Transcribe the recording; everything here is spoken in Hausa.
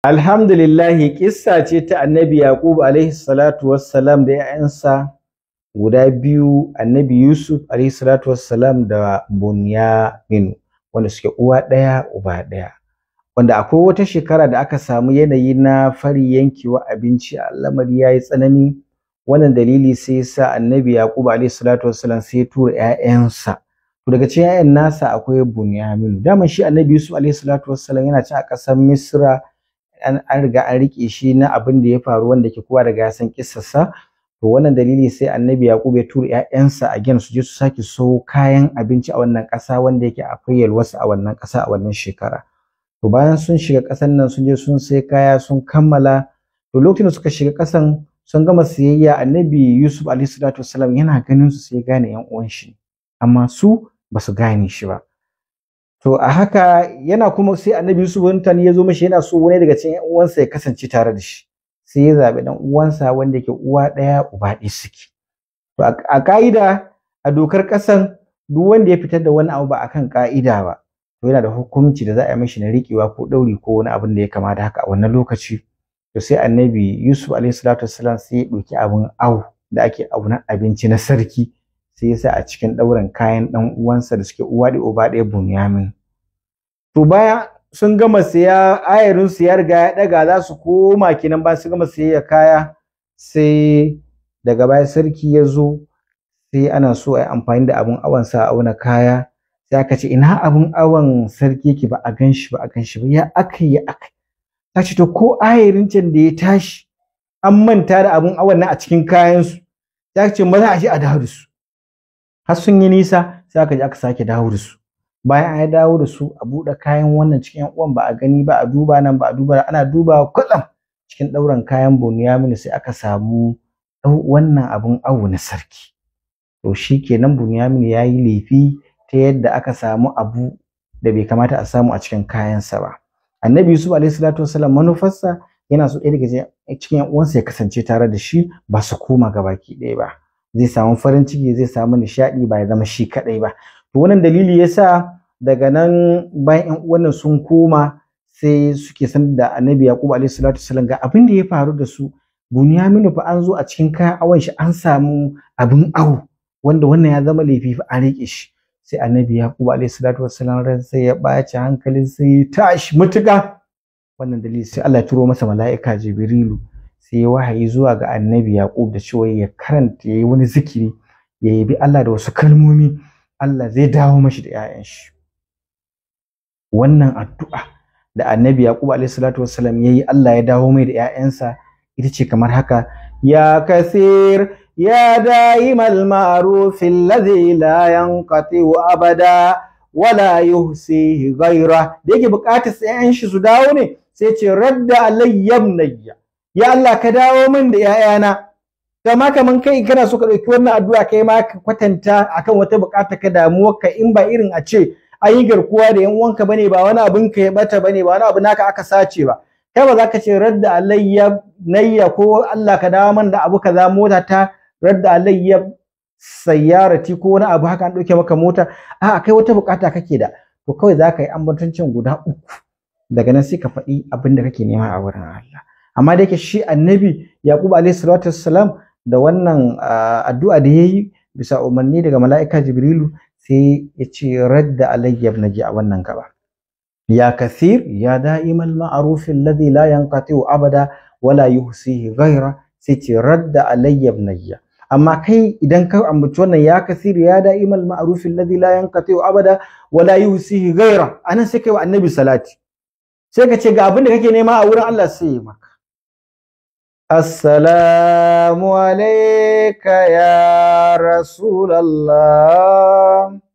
Alhamdulillahi kissa ce ta Annabi Yaqub alaihi salatu wassalam da ƴaƴansa guda biyu Annabi Yusuf alaihi salatu wassalam da Bunyamin wanda suke uwa ɗaya uba ɗaya wanda akwai wata shekara da aka samu yanayi na fari yankewa abinci ya yayi tsanani wannan dalili sai sa Annabi Yaqub alaihi salatu wassalam sai tura ƴaƴansa daga cikin ƴaƴan nasa akwai Bunyamin dama shi Annabi Yusuf alaihi salatu wassalam yana ci a ƙasar Misra an riga an rike shi na abin da ya faru wanda ke kowa daga ya san kissarsa to wannan dalili sai annabi yaqub ya tura ƴaƴansa a gen su je su sake so kayan abinci a wannan ƙasa wanda yake akwai yalwarsa a wannan ƙasa a wannan shekara to bayan sun shiga ƙasan nan sun je sun sai kaya sun kammala to lokacin da suka shiga ƙasan sun gama siyayya annabi yusuf alaihi salatu wasalam yana ganin su sai gane yan uwan shi amma su basu gane shi ba to a haka yana kuma sai annabi Yusuf wani ya zo mishi yana so wani daga cikin uwansa ya kasance tare da shi sai ya zaɓi ɗan uwansa wanda yake uwa ɗaya uba ɗaya suke to a ka'ida a dokar ƙasan duk wanda ya fitar da wani abu ba akan ka'ida ba to yana da hukunci da za a yi mishi na riƙewa ko ɗauri ko wani abin da ya kama da haka a wannan lokaci to sai annabi Yusuf alaihi salatu wassalam sai ya ɗauki abin au da ake auna abinci na sarki sai ya sa a cikin ɗaurin kayan ɗan uwansa da suke uwa da uba ɗaya Bunyamin to baya sun gama siya ayarin su ya riga ya daga za su koma kinan ba su gama siya kaya sai daga baya sarki ya zo sai ana so a yi amfani da abun awon sa auna kaya sai aka ce ina abun awon sarki yake ba a gan ba a gan ba ya aka yi aka ta ce to ko ayarin can da ya tashi an manta da abin awon nan a cikin kayan su ta ce maza a shi a dawo da su har sun yi nisa sai aka je aka sake dawo da su bayan an dawo da su a buɗe kayan wannan cikin yan uwan ba a gani ba a duba nan ba a duba ana duba kullum cikin ɗauran kayan Bunyamin sai aka samu wannan abun awo na sarki to shi kenan Bunyamin ya yi laifi ta yadda aka samu abu da bai kamata a samu a cikin kayansa ba annabi Yusuf alaihi salatu wasallam manufarsa yana so ɗaya daga cikin yan uwansa ya kasance tare da shi ba su koma gabaki ɗaya ba zai samu farin ciki zai samu nishaɗi ba ya zama shi kaɗai ba to wannan dalili yasa daga nan bayan ƴan uwan sun koma sai suke san da annabi yaqub alaihi salatu wasallam ga abin da ya faru da su bunyaminu fa an zo a cikin kayan awon shi an samu abin awo wanda wannan ya zama laifi fa an rike shi sai annabi yaqub alaihi salatu wasallam ran sai ya ɓaci hankalin sai ya tashi mutuka wannan dalili sai Allah ya turo masa mala'ika jibrilu sai wahayi zuwa ga annabi yaƙub da cewa ya karanta yayi wani zikiri ya yabi Allah da wasu kalmomi Allah zai dawo mashi da 'ya'yan shi wannan addu'a da annabi yaƙub alaihi salatu wassalam yayi Allah ya dawo mai da 'ya'yansa ita ce kamar haka ya kasir ya دائم المعروف alladhi la ينقطع abada wala yuhsi ghayra da yake bukatar sai an shi su dawo ne sai ce radda alayyam nayya ya Allah ka dawo min da ƴaƴana kama kaman kai kana so ka ɗauki wannan addu'a kai ma ka kwatanta akan wata bukata ka damuwar ka in ba irin a ce an yi garkuwa da yan uwanka bane ba wani abin ka ya bata bane ba wani abu naka aka sace ba kai ba za ka ce radda alayya nayya ko Allah ka dawo min da abu kaza mota ta radda alayya sayyarati ko wani abu haka an ɗauke maka mota A kai wata bukata kake da to kawai za ka yi ambatancin guda uku daga nan sai ka faɗi abin da kake nema a wurin Allah amma da yake shi annabi yaqub alaihi salatu wassalam da wannan addu'a da yayi bisa umarni daga mala'ika jibrilu sai ya ce radda alayya ibnaji a wannan gaba ya kathir ya da'imal ma'ruf alladhi la yanqati'u abada wala yuhsihi ghaira sai ce radda alayya ibnaji amma kai idan ka ambaci wannan ya kasir ya da'imal ma'ruf alladhi la yanqati'u abada wa la yusihi ghaira anan sai kai wa annabi salati sai ka ce ga abin da kake nema a wurin Allah sai ya maka السلام عليك يا رسول الله